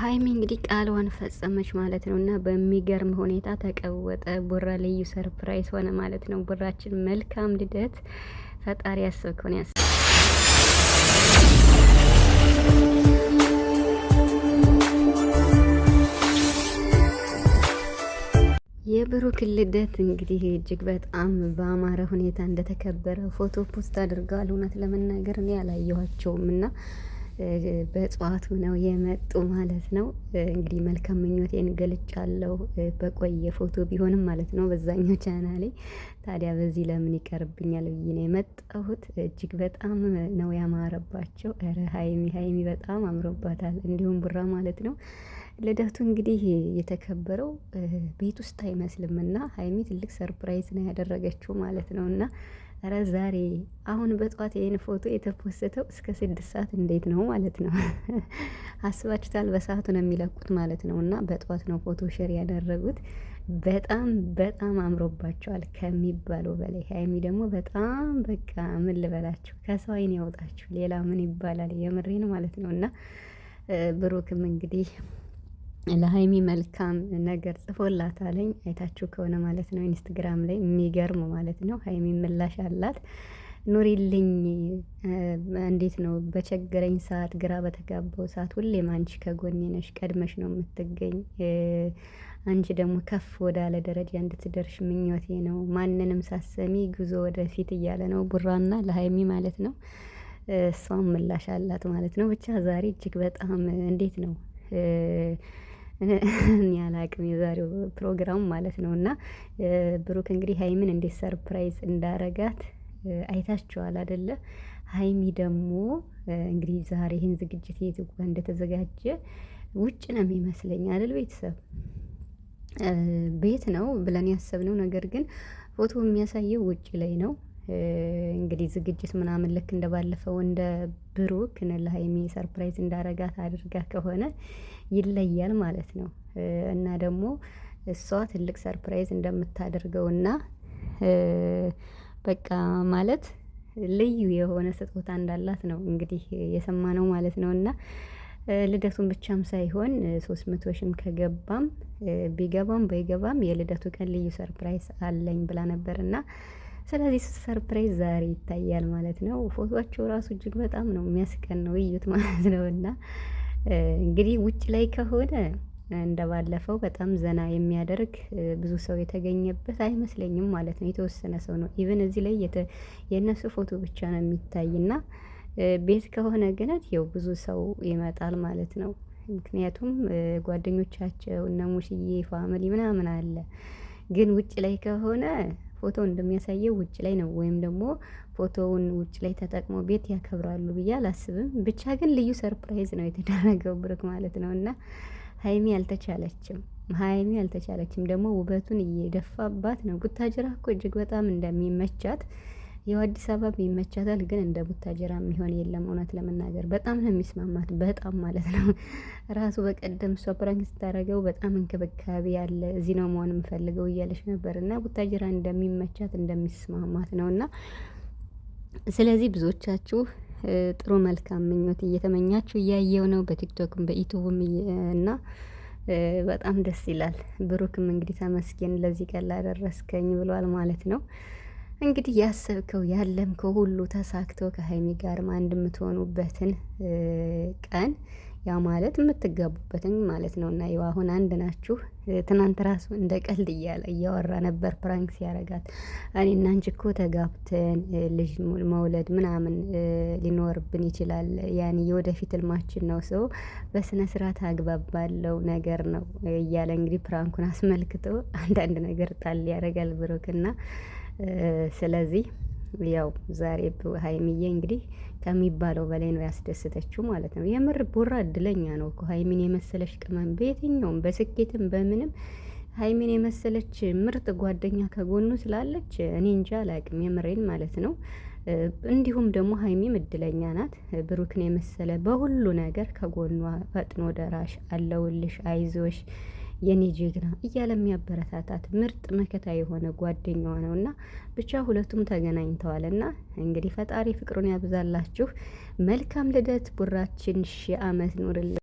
ሀይሚ እንግዲህ ቃልዋን ፈጸመች ማለት ነው እና በሚገርም ሁኔታ ተቀወጠ። ቡራ ልዩ ሰርፕራይዝ ሆነ ማለት ነው። ቡራችን መልካም ልደት፣ ፈጣሪ ያሰብከውን ያስ የብሩክ ልደት እንግዲህ እጅግ በጣም በአማረ ሁኔታ እንደተከበረ ፎቶ ፖስት አድርገዋል። እውነት ለመናገር እኔ አላየኋቸውም እና በእጽዋቱ ነው የመጡ ማለት ነው። እንግዲህ መልካም ምኞቴን ገልጫለሁ በቆየ ፎቶ ቢሆንም ማለት ነው በዛኛው ቻናሌ። ታዲያ በዚህ ለምን ይቀርብኛል ብዬ ነው የመጣሁት። እጅግ በጣም ነው ያማረባቸው። ኧረ ሀይሚ ሀይሚ በጣም አምሮባታል እንዲሁም ቡራ ማለት ነው። ልደቱ እንግዲህ የተከበረው ቤት ውስጥ አይመስልምና ሀይሚ ትልቅ ሰርፕራይዝ ነው ያደረገችው ማለት ነው እና ኧረ ዛሬ አሁን በጠዋት ይህን ፎቶ የተፖሰተው እስከ ስድስት ሰዓት እንዴት ነው ማለት ነው። አስባችሁታል? በሰዓቱ ነው የሚለቁት ማለት ነው። እና በጠዋት ነው ፎቶ ሼር ያደረጉት። በጣም በጣም አምሮባቸዋል ከሚባለው በላይ ሀይሚ ደግሞ በጣም በቃ ምን ልበላችሁ፣ ከሰው አይን ያውጣችሁ። ሌላ ምን ይባላል? የምሬን ማለት ነው እና ብሩክም እንግዲህ ለሀይሚ መልካም ነገር ጽፎላታለኝ አይታችሁ ከሆነ ማለት ነው። ኢንስትግራም ላይ የሚገርም ማለት ነው። ሀይሚ ምላሽ አላት። ኑሪልኝ እንዴት ነው በቸገረኝ ሰዓት፣ ግራ በተጋባው ሰዓት ሁሌም አንቺ ከጎኔ ነሽ፣ ቀድመሽ ነው የምትገኝ። አንቺ ደግሞ ከፍ ወዳለ ደረጃ እንድትደርሽ ምኞቴ ነው። ማንንም ሳሰሚ ጉዞ ወደፊት እያለ ነው ቡራና ለሀይሚ ማለት ነው። እሷም ምላሽ አላት ማለት ነው። ብቻ ዛሬ እጅግ በጣም እንዴት ነው እኔ አላቅም የዛሬው ፕሮግራም ማለት ነው። እና ብሩክ እንግዲህ ሀይሚን እንዴት ሰርፕራይዝ እንዳረጋት አይታችኋል አደለ? ሀይሚ ደግሞ እንግዲህ ዛሬ ይህን ዝግጅት የትጓ እንደተዘጋጀ ውጭ ነው የሚመስለኝ አይደል? ቤተሰብ ቤት ነው ብለን ያሰብነው፣ ነገር ግን ፎቶ የሚያሳየው ውጭ ላይ ነው። እንግዲህ ዝግጅት ምናምን ልክ እንደባለፈው እንደ ብሩክ ለሀይሚ ሰርፕራይዝ እንዳረጋት አድርጋ ከሆነ ይለያል ማለት ነው። እና ደግሞ እሷ ትልቅ ሰርፕራይዝ እንደምታደርገው እና በቃ ማለት ልዩ የሆነ ስጦታ እንዳላት ነው እንግዲህ የሰማነው ማለት ነው። እና ልደቱን ብቻም ሳይሆን ሶስት መቶ ሺህም ከገባም ቢገባም ባይገባም የልደቱ ቀን ልዩ ሰርፕራይዝ አለኝ ብላ ነበር እና ስለዚህ ሰርፕራይዝ ዛሬ ይታያል ማለት ነው። ፎቶቸው ራሱ እጅግ በጣም ነው የሚያስቀን ነው እዩት ማለት ነው እና እንግዲህ ውጭ ላይ ከሆነ እንደባለፈው በጣም ዘና የሚያደርግ ብዙ ሰው የተገኘበት አይመስለኝም ማለት ነው። የተወሰነ ሰው ነው። ኢቨን እዚህ ላይ የእነሱ ፎቶ ብቻ ነው የሚታይና ቤት ከሆነ ግነት ው ብዙ ሰው ይመጣል ማለት ነው። ምክንያቱም ጓደኞቻቸው እነ ሙሽዬ ምናምን አለ። ግን ውጭ ላይ ከሆነ ፎቶ እንደሚያሳየው ውጭ ላይ ነው ወይም ደግሞ ፎቶውን ውጭ ላይ ተጠቅሞ ቤት ያከብራሉ ብዬ አላስብም። ብቻ ግን ልዩ ሰርፕራይዝ ነው የተደረገው ብሩክ ማለት ነው እና ሀይሚ አልተቻለችም። ሀይሚ አልተቻለችም ደግሞ ውበቱን እየደፋባት ነው። ቡታጅራ እኮ እጅግ በጣም እንደሚመቻት ያው አዲስ አበባ ይመቻታል፣ ግን እንደ ቡታጀራ የሚሆን የለም። እውነት ለመናገር በጣም ነው የሚስማማት፣ በጣም ማለት ነው። ራሱ በቀደም እሷ ፕራንክ ስታደርገው በጣም እንክብካቤ ያለ እዚህ ነው መሆን የምፈልገው እያለች ነበር እና ቡታጀራ እንደሚመቻት እንደሚስማማት ነው እና ስለዚህ ብዙዎቻችሁ ጥሩ መልካም ምኞት እየተመኛችሁ እያየው ነው በቲክቶክም በዩቱብም እና በጣም ደስ ይላል። ብሩክም እንግዲህ ተመስገን ለዚህ ቀን ላደረስከኝ ብሏል ማለት ነው። እንግዲህ ያሰብከው ያለምከው ሁሉ ተሳክቶ ከሀይሚ ጋርም አንድ የምትሆኑበትን ቀን ያ ማለት የምትጋቡበትን ማለት ነው። እና ይኸው አሁን አንድ ናችሁ። ትናንት ራሱ እንደ ቀልድ እያለ እያወራ ነበር ፕራንክ ሲያረጋት፣ እኔ እና አንቺ እኮ ተጋብተን ልጅ መውለድ ምናምን ሊኖርብን ይችላል። ያን የወደፊት ልማችን ነው። ሰው በስነ ስርዓት አግባብ ባለው ነገር ነው እያለ እንግዲህ ፕራንኩን አስመልክቶ አንዳንድ ነገር ጣል ያደርጋል ብሩክና ስለዚህ ያው ዛሬ ሀይሚዬ እንግዲህ ከሚባለው በላይ ነው ያስደሰተችው ማለት ነው። የምር ቡራ እድለኛ ነው እኮ ሀይሚን የመሰለች ቅመም በየትኛውም በስኬትም በምንም ሀይሚን የመሰለች ምርጥ ጓደኛ ከጎኑ ስላለች እኔ እንጃ አላቅም፣ የምሬን ማለት ነው። እንዲሁም ደግሞ ሀይሚም እድለኛ ናት። ብሩክን የመሰለ በሁሉ ነገር ከጎኗ ፈጥኖ ደራሽ አለውልሽ አይዞሽ የኔ ጀግና እያለ የሚያበረታታት ምርጥ መከታ የሆነ ጓደኛዋ ነው እና ብቻ ሁለቱም ተገናኝተዋል። እና እንግዲህ ፈጣሪ ፍቅሩን ያብዛላችሁ። መልካም ልደት ቡራችን ሺህ ዓመት ኑርልን።